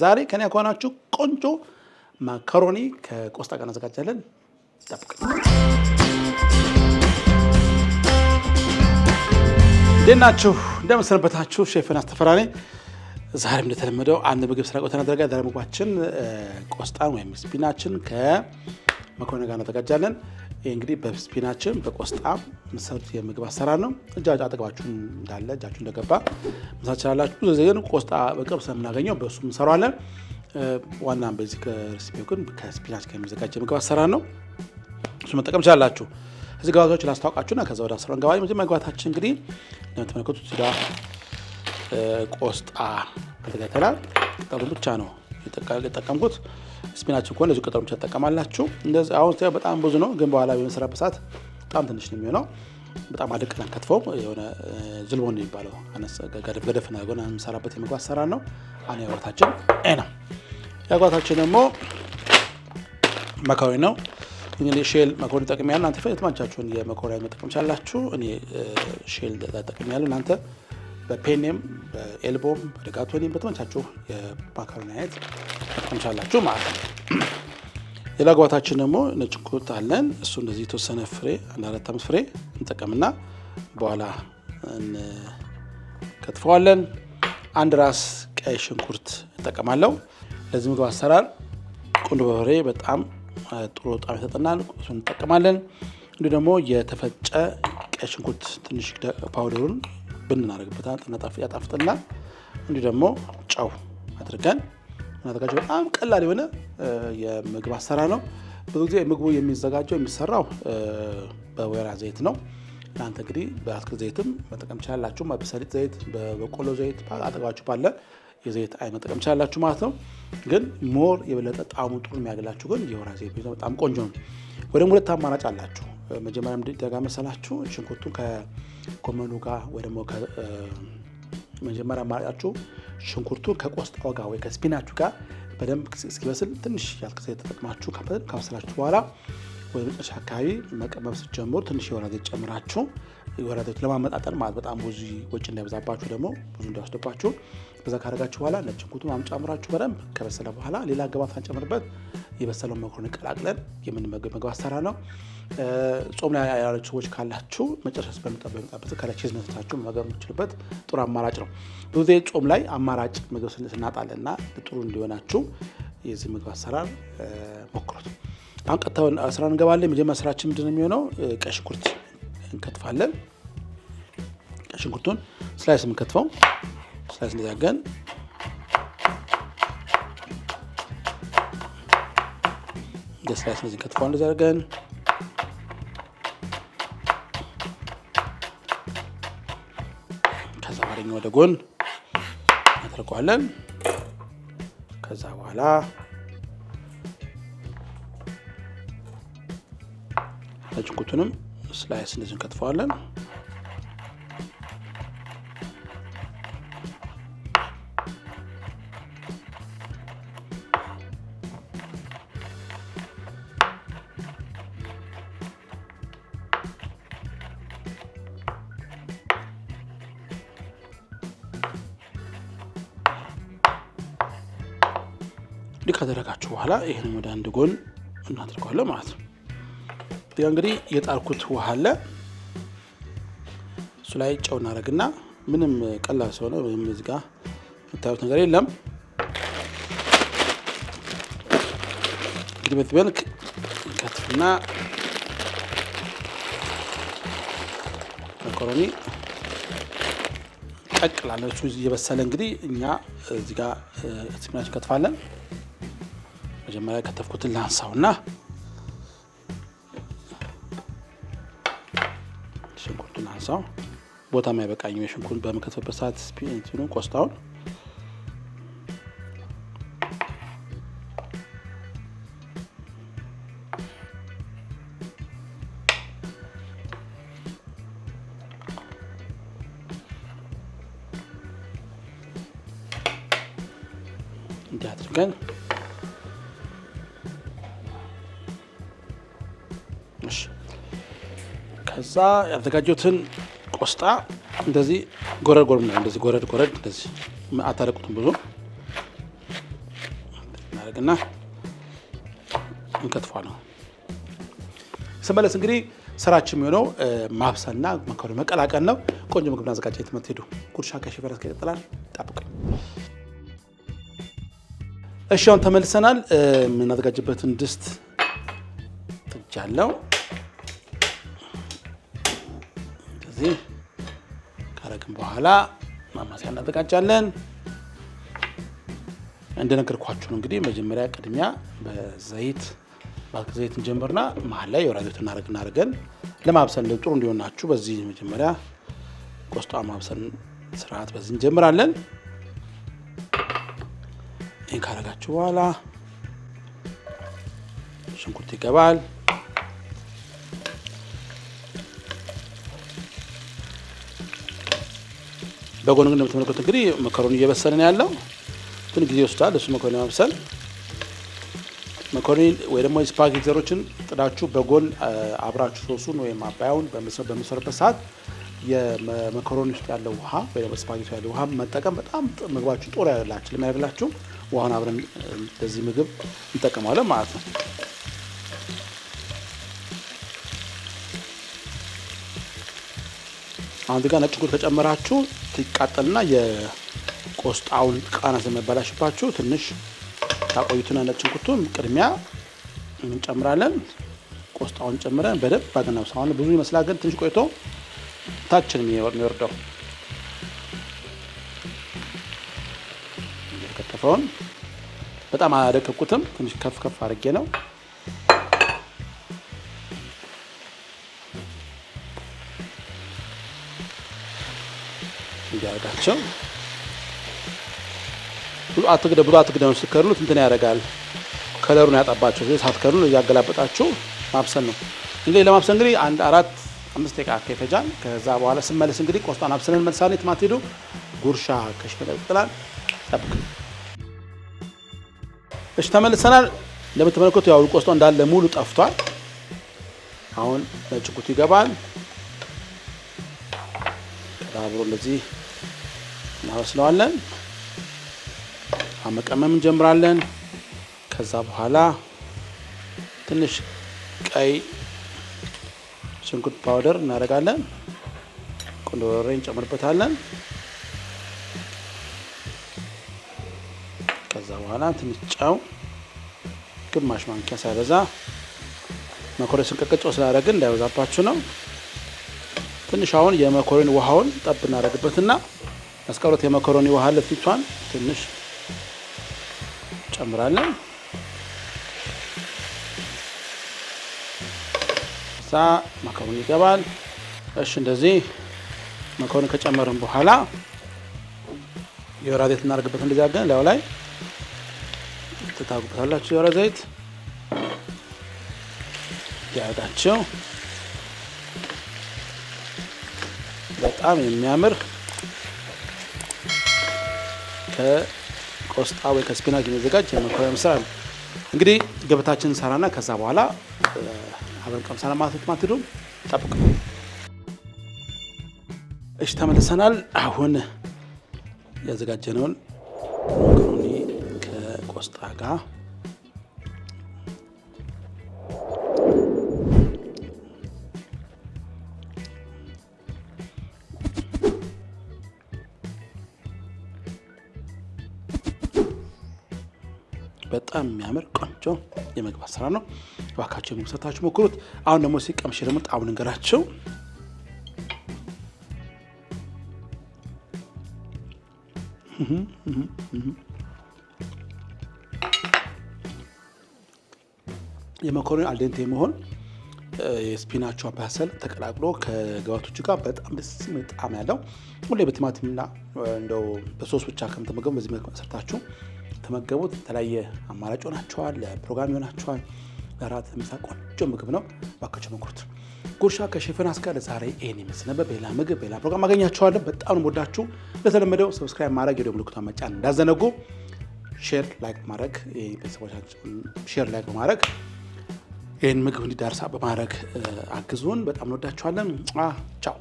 ዛሬ ከኔ ያኳናችሁ ቆንጆ ማካሮኒ ከቆስጣ ጋር እናዘጋጃለን። ጠብቅ። እንዴት ናችሁ? እንደምንሰነበታችሁ? ሼፍን አስተፈራ ዛሬም እንደተለመደው አንድ ምግብ ስራ ቆተና ደረጋ ዛሬ ምግባችን ቆስጣን ወይም ስፒናችን ከመኮረኒ ጋር እናዘጋጃለን። ይህ እንግዲህ በስፒናችን በቆስጣ ምሰሩት የምግብ አሰራር ነው። እጃጭ አጠገባችሁ እንዳለ እጃችሁ እንደገባ መሳ ችላላችሁ። ብዙ ጊዜ ግን ቆስጣ በቅርብ ስለምናገኘው በእሱ እንሰራዋለን። ዋናም በዚህ ከሬሲፒው ግን ከስፒናች ከሚዘጋጅ የምግብ አሰራር ነው። እሱ መጠቀም ችላላችሁ። እዚህ ግብአቶች ላስታውቃችሁና ከዛ ወደ አሰራር እንገባለን። መጀመሪያ ግብአታችን እንግዲህ እንደምትመለከቱት እዚህ ቆስጣ ተዘጋጅተናል። ቅጠሉን ብቻ ነው የጠቀምኩት። ስፒናችን ከሆነ ብዙ ቅጠሎች ትጠቀማላችሁ። እንደዚህ አሁን ስ በጣም ብዙ ነው፣ ግን በኋላ በምንሰራበት ሰዓት በጣም ትንሽ ነው የሚሆነው። በጣም አደቅን ከትፈው የሆነ ዝልቦን ነው የሚባለው ገደፍ ገደፍ ሆነ የምሰራበት የምግብ አሰራር ነው። አነ ያጓታችን ነው። ያጓታችን ደግሞ መኮረኒ ነው። እንግዲህ ሼል መኮረኒ ጠቅሜያለሁ። እናንተ የትማቻችሁን የመኮረኒ መጠቀም ቻላችሁ። እኔ ሼል ጠቅሜያለሁ እናንተ በፔኔም በኤልቦም በደጋቶኒም በተመቻችሁ የማካሮኒ አይነት ማለት ነው። ሌላ ግባታችን ደግሞ ነጭ ሽንኩርት አለን። እሱ እንደዚህ የተወሰነ ፍሬ አንድ አራት አምስት ፍሬ እንጠቀምና በኋላ እንከትፈዋለን። አንድ ራስ ቀይ ሽንኩርት እንጠቀማለሁ። ለዚህ ምግብ አሰራር ቁንዶ በርበሬ በጣም ጥሩ ጣዕም ይሰጠናል። እሱ እንጠቀማለን። እንዲሁ ደግሞ የተፈጨ ቀይ ሽንኩርት ትንሽ ፓውደሩን ብን እናደርግበታል። ያጣፍጥና እንዲሁ ደግሞ ጨው አድርገን እናዘጋጀው። በጣም ቀላል የሆነ የምግብ አሰራር ነው። ብዙ ጊዜ ምግቡ የሚዘጋጀው የሚሰራው በወይራ ዘይት ነው። እናንተ እንግዲህ በአትክልት ዘይትም መጠቀም ችላላችሁ። በሰሊጥ ዘይት፣ በበቆሎ ዘይት አጠገባችሁ ባለ የዘይት አይ መጠቀም ችላላችሁ ማለት ነው። ግን ሞር የበለጠ ጣሙ ጥሩ የሚያገላችሁ ግን የወራ ዘይት በጣም ቆንጆ ነው። ወደ ሁለት አማራጭ አላችሁ መጀመሪያ ደጋ መሰላችሁ ሽንኩርቱን ከጎመኑ ጋር ወይ ደግሞ መጀመሪያ ማርጫችሁ ሽንኩርቱ ከቆስጣው ጋር ወይ ከስፒናችሁ ጋር በደንብ እስኪበስል ትንሽ ያልክዜ ተጠቅማችሁ ካበስላችሁ በኋላ ወደ መጨረሻ አካባቢ መቀመብ ስትጀምሩ ትንሽ የወይራ ዘይት ጨምራችሁ የወይራ ለማመጣጠን ማለት በጣም ብዙ ወጪ እንዳይበዛባችሁ ደግሞ ብዙ እንዳይወስድባችሁ በዛ ካደረጋችሁ በኋላ ነጭ ሽንኩርቱን አም ጨምራችሁ በደንብ ከበሰለ በኋላ ሌላ ግብአት ሳንጨምርበት የበሰለውን መኮረኒ ቀላቅለን የምንመገብ ምግብ አሰራር ነው። ጾም ላይ ያላችሁ ሰዎች ካላችሁ መጨረሻ በሚጠበቅበት ከላይ ቺዝ ነስታችሁ መመገብ የምችልበት ጥሩ አማራጭ ነው። ብዙ ጊዜ ጾም ላይ አማራጭ ምግብ ስናጣለና ጥሩ እንዲሆናችሁ የዚህ ምግብ አሰራር ሞክሩት። አሁን ቀጥታውን ስራ እንገባለን። የመጀመሪያ ስራችን ምንድን ነው የሚሆነው? ቀይ ሽንኩርት እንከትፋለን። ቀይ ሽንኩርቱን ስላይስ የምንከትፈው ስላይስ እንደዛገን እንደ ስላይስ እንደዚህ እንከትፈው እንደዛገን ከዛ ባደኛ ወደ ጎን እናደርገዋለን። ከዛ በኋላ ያልፈጨኩትንም ስላይስ እንደዚህ እንከትፈዋለን። እንዲህ ካደረጋችሁ በኋላ ይህን ወደ አንድ ጎን እናደርገዋለን ማለት ነው። ያ እንግዲህ የጣርኩት ውሃ አለ እሱ ላይ ጨው እናደርግና ምንም ቀላል ስለሆነ ወይም እዚ ጋ የምታዩት ነገር የለም። እንግዲህ በዚህ መልክ ከትፍና መኮረኒ ጠቅላለ እሱ እየበሰለ እንግዲህ እኛ እዚህ ጋ ከትፋለን። መጀመሪያ ከተፍኩትን ላንሳውና ሽንኩርቱን አንሳው ቦታ የሚያበቃኝ የሽንኩርት በምከትፍበት ሰዓት እንትኑ ቆስጣውን እንዲህ አድርገን ከዛ ያዘጋጀትን ቆስጣ እንደዚህ ጎረድ ጎረድ ነው እንደዚህ ጎረድ ጎረድ እንደዚህ አታረቁትም ብዙ እናደርግና እንከትፏ ነው። ስመለስ እንግዲህ ስራችን የሚሆነው ማብሰልና መኮረኒ መቀላቀል ነው። ቆንጆ ምግብ ናዘጋጀ የትምህርት ሄዱ ጉርሻ ከሽፈረስ ይቀጥላል። ጠብቅ። እሺ አሁን ተመልሰናል። የምናዘጋጅበትን ድስት ጥጃለው እንደዚህ ካረግን በኋላ ማማሰያ እናዘጋጃለን። እንደነገርኳችሁ እንግዲህ መጀመሪያ ቅድሚያ በዘይት ባልክ ዘይት እንጀምርና መሀል ላይ የወይራ ዘይት እናደርግ እናደርገን ለማብሰል ጥሩ እንዲሆናችሁ በዚህ መጀመሪያ ቆስጣ ማብሰል ስርዓት በዚህ እንጀምራለን። ይህን ካረጋችሁ በኋላ ሽንኩርት ይገባል። በጎን ግን እንደምትመለከቱ እንግዲህ መኮረኒ እየበሰለ ነው ያለው፣ ግን ጊዜ ይወስዳል። እሱ መኮረኒ ማብሰል መኮረኒ ወይ ደግሞ ስፓጌቲ ዘሮችን ጥዳችሁ በጎን አብራችሁ ሶሱን ወይም አባያውን በምሰሩበት ሰዓት የመኮረኒ ውስጥ ያለው ውሃ ወይ ደግሞ ስፓጌቲ ያለው ውሃ መጠቀም በጣም ምግባችሁ ጦር ያላችሁ ለሚያብላችሁ ውሃን አብረን በዚህ ምግብ እንጠቀማለን ማለት ነው። አሁን እዚህ ጋር ነጭ ሽንኩርት ከጨመራችሁ ትቃጠልና የቆስጣውን ቃና ስለሚያበላሽባችሁ ትንሽ ታቆዩትና ነጭ ሽንኩርቱን ቅድሚያ እንጨምራለን። ቆስጣውን ጨምረን በደንብ ባገናው ሳሁን ብዙ ይመስላል፣ ግን ትንሽ ቆይቶ ታችን የሚወርደው የተከተፈውን በጣም አደቀቁትም። ትንሽ ከፍ ከፍ አድርጌ ነው እንዲያደርጋቸው ብዙ አትክደኑ ስትከድኑት እንትን ያደርጋል ከለሩን ያጠባቸው። ስለዚህ ሳትከድኑ እያገላበጣችሁ ማብሰን ነው። እንግዲህ ለማብሰን እንግዲህ አንድ አራት አምስት ደቂቃ ይፈጃል ከዛ በኋላ ስመለስ እንግዲህ ቆስጣን አብስለን መልሳኔ ትማት ሄዱ ጉርሻ ከሽፈለ ከሽመጠጥላል ጠብቅ። እሽ ተመልሰናል። እንደምትመለከቱ ያው ቆስጣ እንዳለ ሙሉ ጠፍቷል። አሁን ነጭ ጉት ይገባል። አብሮ እንደዚህ እናበስለዋለን። አመቀመም እንጀምራለን። ከዛ በኋላ ትንሽ ቀይ ሽንኩርት ፓውደር እናደርጋለን። ቁንዶ በርበሬ እንጨምርበታለን። ከዛ በኋላ ትንሽ ጨው ግማሽ ማንኪያ ሳይበዛ መኮረን ስንቀቅጮ ስላደረግን እንዳይበዛባችሁ ነው። ትንሽ አሁን የመኮረኒ ውሃውን ጠብ እናደርግበትና መስቀሎት የመኮረኒ ውሃ ለፊቷን ትንሽ ጨምራለን። ሳ መኮረኒ ይገባል። እሺ እንደዚህ መኮረኒ ከጨመርን በኋላ የወይራ ዘይት እናደርግበት። እንደዚህ አድርገን ላዩ ላይ ትታጉበታላችሁ። የወይራ ዘይት ያርጋችሁ በጣም የሚያምር ከቆስጣ ወይ ከስፒናች የሚዘጋጅ የመኮረኒ ስራ ነው። እንግዲህ ገበታችን ሰራና ከዛ በኋላ አብረን ቀምሳና ማለት ማትዱ ጠብቅ። እሽ ተመልሰናል። አሁን ያዘጋጀነውን መኮረኒ ከቆስጣ ጋር በጣም የሚያምር ቆንጆ የምግብ አሰራር ነው። እባካችሁ የሚሰታችሁ ሞክሩት። አሁን ደግሞ ሲቀምሽ ደግሞ ጣዕሙን ንገራችሁ። የመኮረኒ አልደንቴ መሆን የስፒናቹ አባሰል ተቀላቅሎ ከግብአቶቹ ጋር በጣም ደስ የሚል ጣዕም ያለው ሁሌ በቲማቲምና እንደው በሶስት ብቻ ከምትመገቡ በዚህ መልክ ሰርታችሁ ተመገቡት። የተለያየ አማራጭ ሆናቸዋል፣ ለፕሮግራም ይሆናቸዋል፣ ለራት ምሳ ቆንጆ ምግብ ነው። ባካቸው ሞክሩት። ጉርሻ ከሽፈናስ ጋር ለዛሬ ይህን ይመስል ነበር። በሌላ ምግብ በሌላ ፕሮግራም አገኛቸዋለን። በጣም ነው ወዳችሁ። ለተለመደው ሰብስክራይብ ማድረግ የደወል ምልክቱን መጫን እንዳዘነጉ፣ ሼር ላይክ ማድረግ ቤተሰቦቻችን ሼር ላይክ በማድረግ ይህን ምግብ እንዲዳርሳ በማድረግ አግዙን። በጣም እንወዳችኋለን። ቻው